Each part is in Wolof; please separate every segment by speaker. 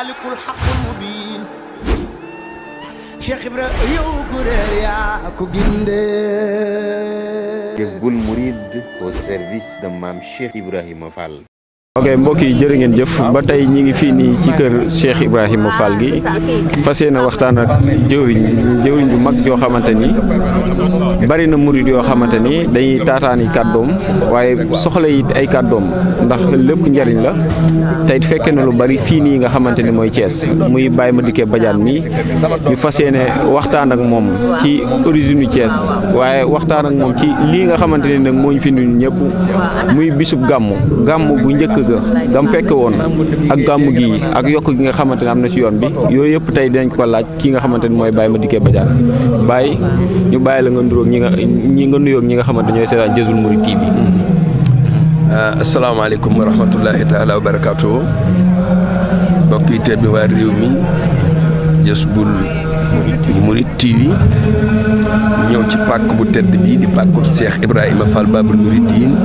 Speaker 1: المالك الحق المبين شيخ ابراهيم كوريريا كوغيندي المريد هو سيرفيس دمام شيخ ابراهيم فال ok mbokk yi jërë ngeen jëf ba tay ñi ngi fi ni ci kër Cheikh Ibrahima Fall gi fas yéene waxtaan ak jëwriñ jëwriñ bu mag yo xamanteni ni bari na murid yo xamanteni dañuy tataani kàddoom waye soxla yi ay ndax lepp njariñ la tay fekke na lu bari fi ni nga xamanteni moy mooy Thiès muy Baye Modike Badiane mi ñu fas yéene waxtaan ak mom ci origine Thiès waye waxtaan ak mom ci li nga xamanteni nak moñ fi ñu fi ñëpp muy bisub gamu gamu bu ñëk ga gam fekke woon ak gàmmu gi ak yokk gi nga xamante ne am na ci yoon bi yooyu yëpp tey dinañ ko laaj ki nga xamante ne mooy Baye Madické Badiane Baye ñu bàyyi la nga nuróog ñi nga ñi nga nuyoog ñi nga xamante ñooy seetaan Jazboul Mouride TV euh, asalaamaaleykum wa rahmatullahi taala wa barakaatu mbokk yi teet waa réew mi Jazboul Mouride TV ñëw ci pàkk bu tedd bii di pàkkub Cheikh Ibrahima Fall Babul Mouridine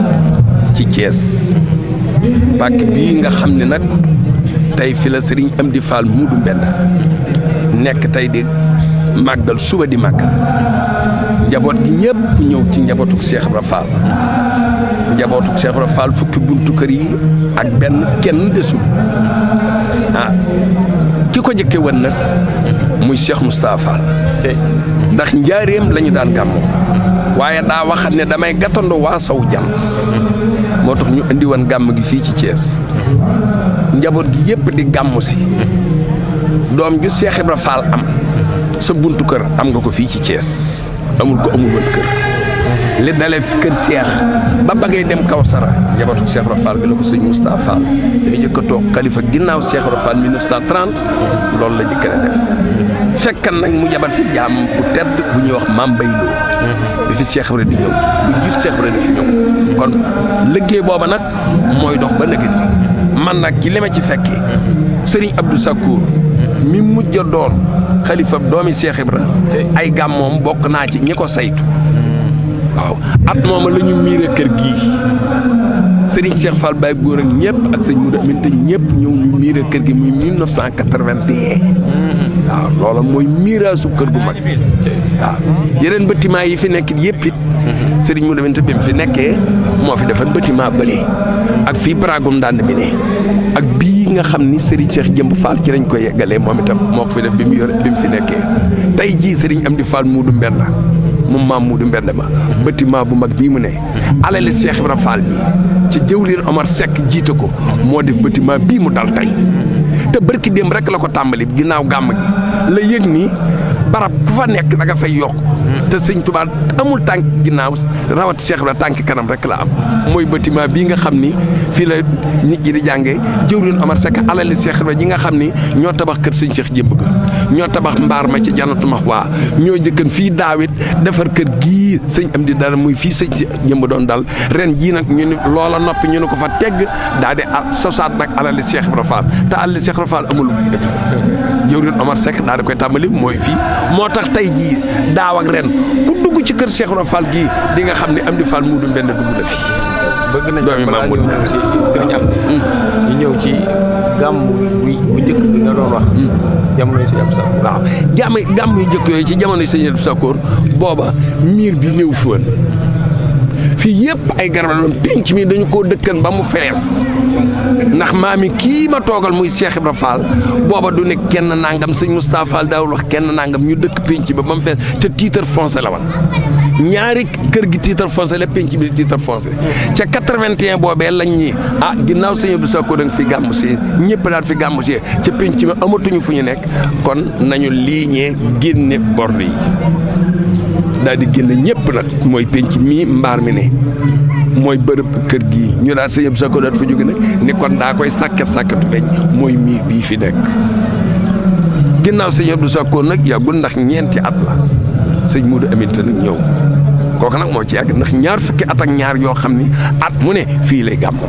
Speaker 1: ci Thiès pàkk bi nga xamne ne tay fi la serigne Amdi Fall mudu mbenn nek tay di magal suba di màggal njabot gi ñepp ñew ci njabootuk Cheikh Ibra Fall njabootuk Cheikh Ibra Fall fukki buntu kër yi ak benn kenn dessu ah kiko ko won nak muy Cheikh mustapha ndax njaareem lañu daan gàmmoo waye da wax ne damay gàttandu wa saw jams motax ñu andi won gam gi fi ci ties njabot gi yep di gam si dom ju Cheikh ibrahim Fall am sa buntu keur am nga ko fi ci ties amul ko amul woon kër li dalee kër Cheikh ba bagay dem Kawsara njabootu Cheikh ibrahim Fall bi la ko sëñ Moustapha Fall mi njëkk a toog Cheikh ibrahim Fall 1930 loolu la njëkk def fekkan nak mu jabal fi jam bu tedd bu ñu wax Mame Mbaye bi fi Cheikh di ñëw lu jiir Cheikh di fi ñëw kon liggéey booba nag mooy dox ba nëgëj man nag ci lima ci fekke Serigne Abdou Sakkour mi mujj a doon xalifam doomi Cheikh Ibra ay gàmmoom bokk naa ci ñi ko saytu waaw at mooma la miire kër gii Serigne seex Fall Baye Góor ak ñëpp ak sëñ Moudou Aminta ñëpp ñëw ñu miiree kër gi muy 1981. waaw loola mooy miiraasu kër gu mag waaw yeneen bâtiment yi fi nekk yëpp it. Serigne Moudou Aminta bi mu fi nekkee moo fi defar bâtiment bële ak fii Baraagoum daan bi ak bii nga xam ni Serigne Cheikh Jëmb Fall ci lañ koy yeggalee moom itam moo fi def bi mu yore bi mu fi nekkee tey jii am Serigne Amdi Fall Moudou Mbenn moom maam Moodu Mbend ma bâtiment bu mag bii mu ne alali Cheikh Ibra bi ci jëwlin Omar Seck jiite ko moo def bâtiment bii mu dal tey te bërki démb rek la ko tàmbali ginnaaw gàmm gi la yëg ni barab ku fa nekk da nga fay yokk hmm. te sëñ Tuubaa amul tànk ginnaaw rawati Cheikh la tànk kanam rek la am mooy bâtiment bii nga xam ni fii la nit ñi di jànge jëwriñ Omar Seck alali Cheikh Ibra ñi nga xam ni ñoo tabax kër sëñ Cheikh jëmb ga ñoo tabax mbaar ma ci janatu ma waa ñoo jëkkan fii daawit defar kër gii sëñ am di dara muy fii sëñ si jëmb doon dal ren jii nag loola noppi ñu ne ko fa tegg daal di sosaat nag alali Cheikh Ibra Fall te alali Cheikh Ibra Fall amul jëwriñ Omar Seck daal di koy tàmbali mooy fii moo tax tey jii daaw ak ren ku dugg ci kër Cheikh Ibra Fall gii di nga xam ne Amdi Fall mu du benn dugg na fi. bëgg nañ maam ñu ci sëriñ am mm. ñu ñëw ci gàmm bu bu bi nga doon wax. Mm. jamono yi sëñ Abdou Sakkoor njëkk ci jamono yi booba miir bi néew fi woon fii yëpp ay garab la doon pénc mi dañu koo dëkkan ba mu ferees ndax maami kii ma toogal muy Cheikh Ibra Fall booba du ne kenn nangam sëñ Moustapha Fall daawul wax kenn nangam ñu dëkk pénc ba ba mu fees te titre foncé la wan ñaari kër gi titre foncé la pénc bi di titre foncé ca 81 boobee lañ ñi ah ginnaaw sëñ Abdou Sakko da nga fi gàmmu si ñëpp daan fi gàmmu si ca pénc mi amatuñu fu ñu nekk kon nañu liiñee génne bord yi daal di génne ñëpp nag mooy penc mii mbaar mi ne mooy bërëb kër gii ñu daal sa yëb sa ko daat fa jóge nag ni kon daa koy sàkket sàkketu feeñ mooy miir bii fi nekk ginnaaw sëñ Abdou Sakkoor nag yàggul ndax ñeenti at la mu Modou Aminta nag ñëw kooku nag moo ci yàgg ndax ñaar fukki at ak ñaar yoo xam ni at mu ne fii lay gàmm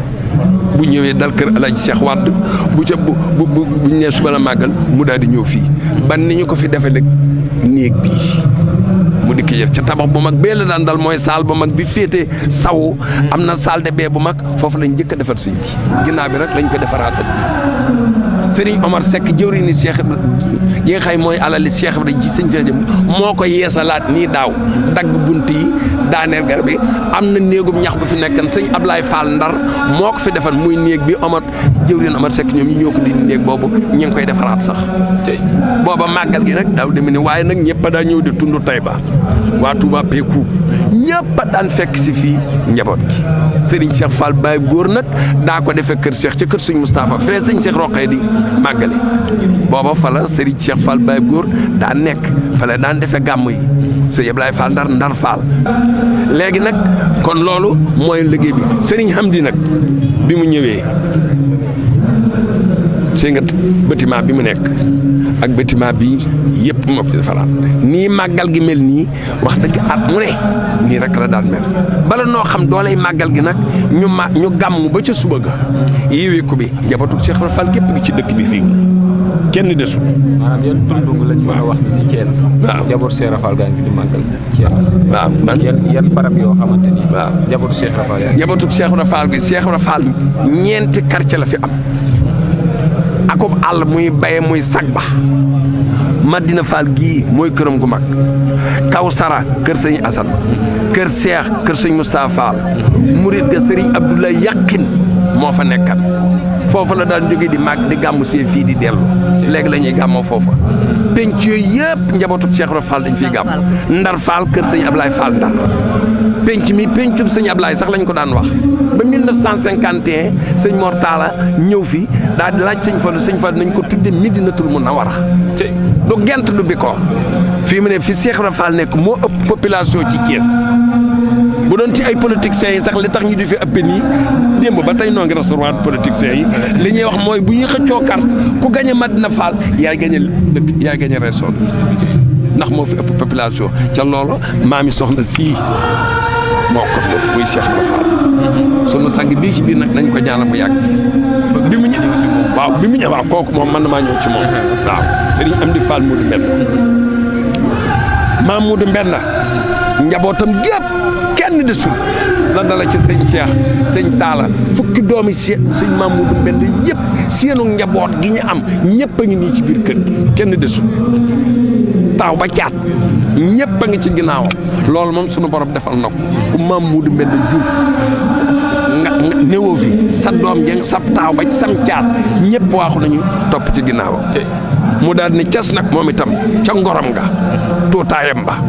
Speaker 1: bu ñëwee dal kër El seex wàdd Wade bu ca bu bu ñu nee suba la màggal mu daal di ñëw fii ban ni ñu ko fi defee nag néeg bii. mu dikk yëf ca tabax bu mag bee la daan dal mooy saal bu mag bi féete sawu am na saal de bee bu mag foofu lañ njëkk a defar sëñ bi ginnaaw bi rek lañ ko defaraat ak Serigne Omar Seck jëwriñu Cheikh Ibra yi nga xam mooy alali Cheikh Ibra ji sëñ Cheikh jëm moo ko yeesalaat nii daaw dagg bunt yi daaneel garab bi am na néegum ñax bu fi nekkan sëñ Ablaye Fall Ndar moo ko fi defar muy néeg bi Omar jëwriñu Omar Seck ñoom ñu ñoo ko dindi néeg boobu ñu ngi koy defaraat sax booba màggal gi nag daaw deme ni waaye nag ñëpp daa ñëw di tund Taïba waa Touba Pékou ñëpp a daan fekk si fii njaboot gi Serigne Cheikh Fall Baye góor nag daa ko defe kër Cheikh ci kër suñ Moustapha fee Serigne Cheikh roqee di màggale booba fala Serigne Cheikh Fall Baye góor daa nekk fala daan defe gàmm yi Serigne Ablaye Fall ndar ndar Fall léegi nag kon loolu mooy liggéey bi Serigne di nag bi mu ñëwee. seen nga bi mu nekk ak bâtiment bi yëpp moo ko ci defaraat nii màggal gi mel nii wax dëgg at mu ne nii rek la daan mel bala noo xam doolay màggal gi nag ñu ma ñu gàmm ba ca suba ga yiwi ko bi njabootu Cheikh Ibra Fall gépp gi ci dëkk bi fii kenn desul. maanaam yan tund lañ wax ci Thiès. waaw njabootu Cheikh Ibra Fall gaa ngi fi di màggal Thiès. waaw man yan yan barab yoo xamante ni. waaw njabootu Cheikh gi Cheikh ñeenti quartier la fi am. akub àll muy baye muy sag ba Madina Fall gii mooy këram gu mag kaw sara kër sëñ Asan kër Seex kër sëñ Moustapha Fall murit ga sëriñ Abdoulaye Yaqin moo fa nekkan foofa la daan jóge di màgg di gàmmu see fii di dellu léegi la ñuy gàmmoo foofa penc yooyu yëpp njabootu Cheikh Ibra Fall dañ fiy gàmm Ndar Fall kër sëñ Ablaye Fall Ndar penc mi pencub sëñ Ablaye sax lañu ko daan wax ba 1951 sëñ Mor Talla ñëw fi daal di laaj sëñ Fall sëñ Fall nañ ko tudde Midinatul Munawara du gent du ko fii mu ne fi Cheikh Ibra Fall nekk moo ëpp population ci Thiès bu don ci ay politiciens yi sax li tax ñu di fi uppe ni demb ba tay no ngi recevoir politiciens yi li ñi wax moy bu ñuy xëccio carte ku gañe Madina Fall ya gañe dëkk ya gañe région bi ndax mo fi ëpp population ca lolo mami soxna si mo ko fi def muy Cheikh Ibra Fall sunu sang bi ci bi nak nañ ko jaala mu yàgg bi mu ñëw waaw bi mu ñëw waaw koku mom man ma ñëw ci mom waaw Serigne Amdi Fall Moudou Mbenda Mamoudou Mbenda njabootam gépp kenn desul la dala ci sëñ Cheikh sëñ Taala fukki doomi si sëñ Mamoudou Mbend yëpp seenu njaboot gi ñu am ñëpp a ngi nii ci biir kër gi kenn desul taaw ba caat ñëpp a ngi ci ginnaawam loolu moom sunu boroom defal na ko ku Mamoudou Mbend jur nga fi sa doom jeng sa taaw ba sam caat ñëpp waaxu nañu topp ci ginnaawam mu daal ni cas nag moom itam ca ngoram nga tuutaayam ba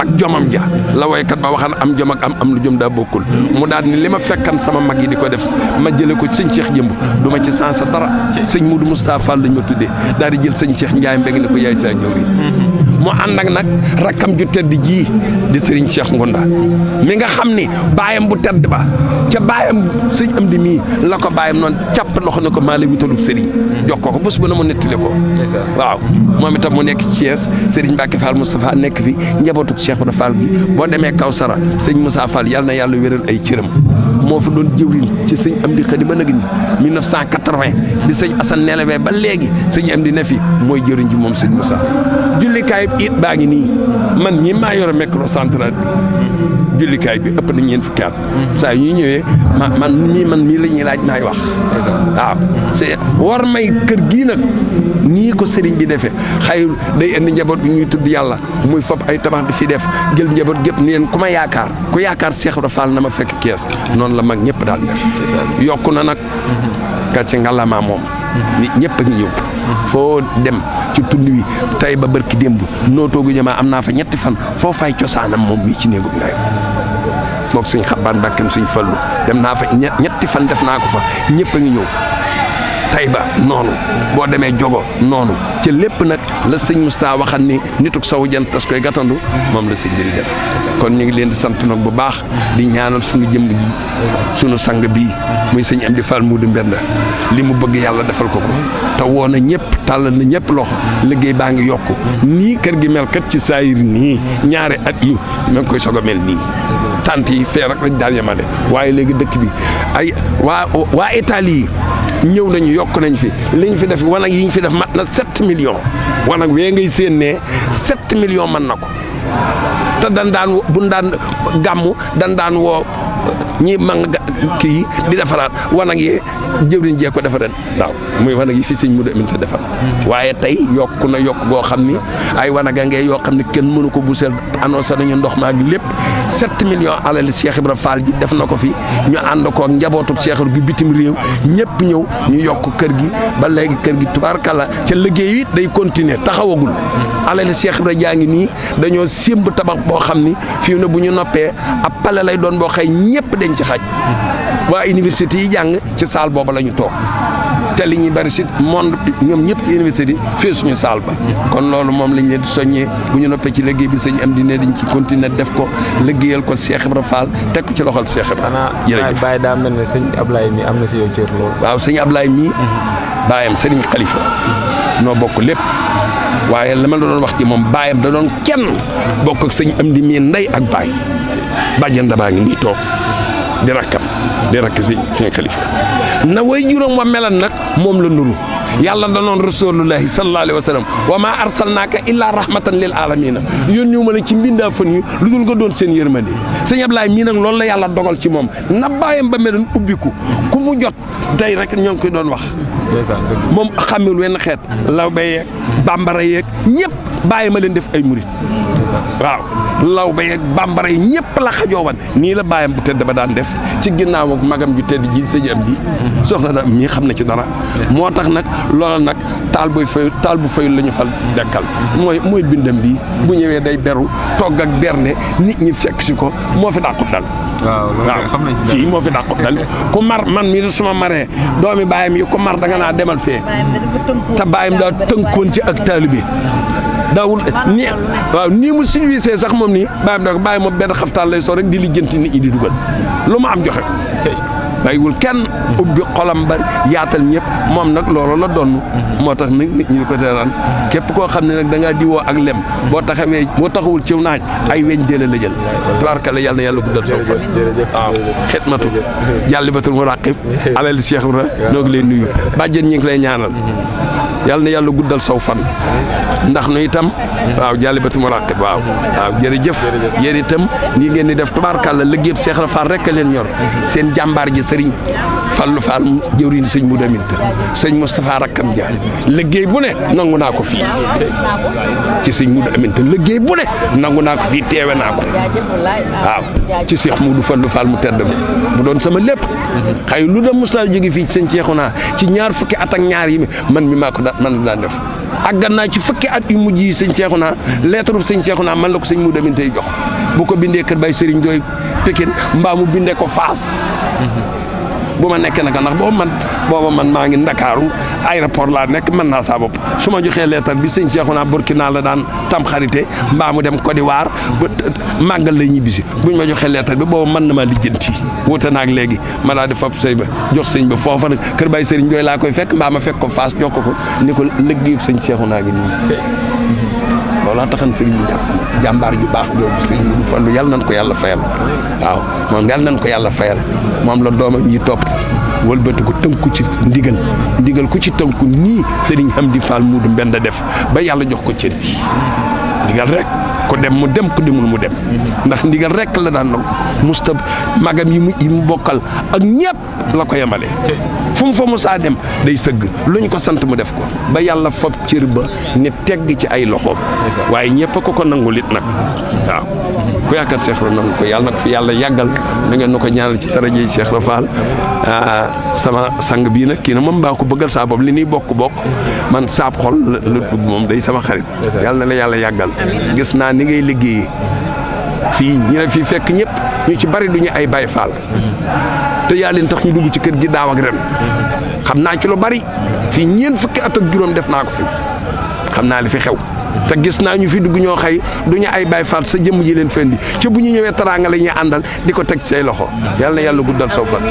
Speaker 1: ak jomam ja la woykat ba waxaan am jom am am lu jom daa bokkul mu daal ni li ma fekkan sama mag yi di ko def ma jële ko sëñ Cheikh jëmb du ma ci sansa dara sëñ Moudou Moustapha lañ ma tuddee daal di jël sëñ Cheikh Ndiaye mbéng ne ko yaay saa jawri mu ànd ak nag rakkam ju tedd ji di sëriñ Cheikh Ngunda mi nga xam ni baayam bu tedd ba ca baayam sëñ am di mii la ko baayam noon càpp loxo ne ko maa lay wutalub sëriñ jox ko ko bés bu na mu nettali ko waaw moom itam mu nekk ci Thiès sëriñ Mbacke Fall Moustapha nekk fi njabootuk Cheikh Ibra Fall gi boo demee Kawsara sëñ Moussa Fall yàlla na yàlla wéral ay cëram moo fa doon jëwriñ ci sëñ am di xëdi ba nag ni 1980 di sëñ Assane Nelebe ba léegi sëñ am di ne fi mooy jëwriñ ji moom sëñ Moussa jullikaay bi it baa ngi nii man ñi maa yor micro central bi jullikaay bi ëpp na ñeent fukki at saa yu ñëwee ma man mii man mii la ñuy laaj maay wax waaw c'est war may kër gii nag nii ko sëriñ bi defee xay day indi njaboot bi ñuy tudd yàlla muy fab ay tabax di fi def jël njaboot gépp ni leen ku ma yaakaar ku yaakaar Cheikh Ibra na ma fekk kees noonu la mag ñëpp daal def yokku na nag ka mm-hmm. ci ngalama moom nit ñëpp a ngi ñëw foo dem ci tund wi tey ba barki démb nootoo gu jamaa am naa fa ñetti fan foo fay cosaanam moom mii ci néegub ndey mook suñ xabbaan mbàkkeem suñ fallu dem naa fa ñetti fan def naa ko fa ñëpp a ngi ñëw Tayba noonu boo demee Jogo noonu ci lépp nag la sëñ Moustapha waxan ni nituk sawu jant tas koy gàttandu moom la sëñ bi di def kon ñu ngi leen di sant nag bu baax di ñaanal suñu jëmm ji suñu sang bi muy sëñ Amdi Fall Muudu Mbenda li mu bëgg yàlla defal ko ko te woo na ñëpp tàllal na ñëpp loxo liggéey baa ngi yokk nii kër gi mel kat ci saayir nii ñaari at yi ma ngi koy soog a mel nii tant yi fee rek lañ daan yemale waaye léegi dëkk bi ay waa waa Italie ñëw nañu yokk nañ fi liñ fi def wanag yi ñu fi def mat na sept millions wanag wee ngay séen ne sept millions mën na ko te dan daan bun daan gàmm dan daan woo ñi mang ki di defaraat wanag yi jëwriñ jee ko defaraat daaw muy wanag yi fi sëñ mu deminte defar waaye tey yokku na yokk goo xam ay wanaga ngay yoo xam ni mënu ko busel annoncé nañu ndox maag lépp 7 millions alal Cheikh Ibra Fall ji def na fi ñu ànd ko ak njabootu Cheikh gu bitim réew ñëpp ñëw ñu yokk kër gi ba léegi kër gi tubaarkala ca liggéey wi day continuer taxawagul alal Cheikh Ibra jaa ngi nii dañoo simb tabax boo xam ni fii ne bu ñu noppee ab pale lay doon boo xëy ñëpp dañ lañ ci xaj waa université yi jàng ci saal booba la ñu toog te li ñuy bari si monde ñoom ñëpp ci université fee suñu saal ba kon loolu moom lañ leen di soññee bu ñu noppee ci liggéey bi sëñ am di ne dañ ci continuer def ko liggéeyal ko Cheikh Ibra Fall teg ko ci loxol Cheikh Ibra jërëjëf bàyyi daa mel ne sëñ Ablaye mi am na si yow cër loolu waaw sëñ Ablaye mii mhm. baayam sëriñ Xalifa noo bokk lépp waaye la ma la doon wax ci moom baayam da doon kenn bokk ak sëñ am di mii ndey ak baay bàjjan dabaa ngi nii toog di rakkam di rakk si seen xalifa na way juróom wa melan nag moom la nuru yàlla da noon rasulullahi sallallahu alayhi wa sallam wa maa arsalnaaka illaa rahmatan lil alamina yoon ñu ma ne ci mbindaa fan yi lu dul nga doon seen yërmande sëñ Ablaay mii nag loolu la yàlla dogal ci moom na bàyyam ba meloon ubbiku ku mu jot tey rek ñoo ngi koy doon wax moom lu wenn xeet lawbe yeeg bambara yeeg ñëpp bàyyi ma leen def ay murit waaw lawbe yeeg bambara yi ñëpp la xajoowan nii la baayam bu tedd ba daan def ci ginnaaw ak magam ju tedd ji sëñ am ji mm-hmm. soxna da ci dara loola nag taal buy fay taal bu fayul la ñu fal dekkal mooy mooy bindam bi bu ñëwee day beru togg ak berne nit ñi fekk si ko moo fi dàqut dal xam nañ si moo fi dàqut dal ku mar man mi suma maree doomi baayam yi ku mar da nga naa demal fee te baayam daa tënkoon ci ak taalibe daawul ni waaw nii mu silwisee sax moom nii bàyyi ma bàyyi ma benn xaftaan lay soo rek di lijjanti nit ñi di dugal lu ma am joxe bàyyiwul kenn ubbi xolam ba yaatal ñëpp moom nag loolu la don motax nak nit ñi ko téran képp ko xamné ne da nga di wo ak lem bo taxawé bo taxawul ci naaj ay wéñ délé la jël tubaarkale yalla yalla guddal sax fa waaw xitmatu batul muraqib alal cheikh ibra nok lay nuyu bàjjen ñi ngi lay ñaanal yalla ne yalla guddal saw fan ndax nu itam waaw batul muraqib waaw waaw jëf yéen itam nii ngeen ni def tubaarkàlla liggéeyub cheikh Ibra Faal rek leen ñor seen jambar ji sëriñ Fallu Faal jëwriñ sëñ Mudaminta sëñ Moustapha rakkam ja liggéey bu ne nangu naa ko fii ci sëñ Mudu Amin te liggéey bu ne nangu naa ko fii teewe naa ko waaw ci Seex Mudu Fallu Fall mu tedd fa mu doon sama lépp xëy lu da mostaa jóge fii ci sëñ naa ci ñaar fukki at ak ñaar yi man mi maa ko man la daan def àggan naa ci fukke at yu mujj yi sëñ naa leetaru sëñ naa man la ko sëñ Mudu Amin tey jox bu ko bindee kër bay Sëriñ Jooy Pikine mbaa mu bindee ko Faas bu ma nekkee naka ndax booba man booba man maa ngi ndakaaru aéroport laa nekk mën naa saa bopp su ma joxee leetar bi sëñ Cheikhouna Burkina la daan tam xarité mbaa mu dem Côte waar ba màggal lay ñibbisi buñ ma joxee leetar bi booba mën na maa lijjanti wuute naag léegi ma daal de fab sëñ ba jox sëñ ba foofa nag kër Baye Serigne Ndioy laa koy fekk mbaa ma fekk ko Fass jokk ko ni ko lëggee sëñ Cheikhouna gi nii loolaa taxan sëriñ bi jàmbaar ju baax jooju sëriñ Modou Fallou yàlla nañ ko yàlla fayal waaw moom yàlla nañ ko yàlla fayal moom la doomam yi topp wëlbati ko tënku ci ndigal ndigal ko ci tënku nii sëriñ Hamdi Fall Modou benn def ba yàlla jox ko cër bi ndigal rek ko dem mu dem ko demul mu dem ndax ndigal rek la dan mustab magam yi mu im bokal ak ñepp la ko yamale fu fa dem day seug luñ ko sant mu def ko ba yalla fop ciir ba ne tegg ci ay loxoom waye ñepp ko ko nangulit nak waaw ku yakkar Cheikh nang ko yalla nak fi yalla yagal na ngeen ñaanal ci taraje Cheikh Rafal ah, sama sang bi nak ki na moom lini ko bëggal sa boobu li ni bokk bok man sa xol lu mom day sama xarit yalla na la yalla yagal gis naa ni ngay liggéey fii ñu ne fii fekk ñépp ñu ci bari duñu ay Baay Faal te yaa leen tax ñu dugg ci kër gi daaw ak ren xam naa ci lu bari fii ñeen fukki at juróom def naa ko fi xam naa li fi xew te gis naa ñu fi dugg ñoo du ñu ay Baay Faal sa jëmm ji leen fendi ci bu ñu ñëwee teraanga la àndal di ko teg say loxo yal na yàlla guddal saw fan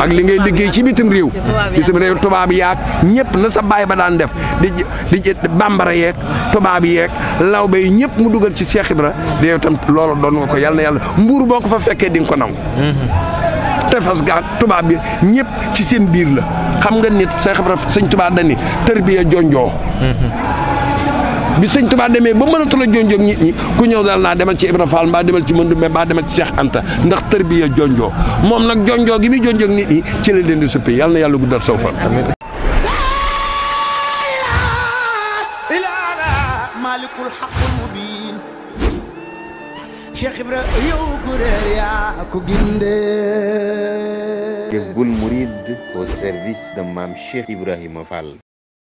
Speaker 1: ak li ngay liggéey ci bitim réew bitim réew tubaab yaak ñëpp na sa baay ba daan def di di bambara yeeg tubaab yeeg lawbe yi ñëpp mu dugal ci Cheikh Ibra de yow tam loola doon nga ko yal na yàlla mbuur boo ko fa fekkee di nga ko naw tefas gaa tubaab bi ñëpp ci seen biir la xam nga nit Cheikh Ibra sëñ tubaab dani tër bi jonjoo bi sëñ Tuubaa demee ba mënatu la jonjoog nit ku ñëw daal naa demal ci Ibra Fall mbaa demal ci Mandumbe mbaa demal ci Cheikh Anta ndax tërbiya jonjo moom nag jonjoo gi muy jonjoog ci la leen di suppi yàlla na yàlla guddal saw fan malikul haqqul mubin Cheikh Ibra yow ku réer yaa ko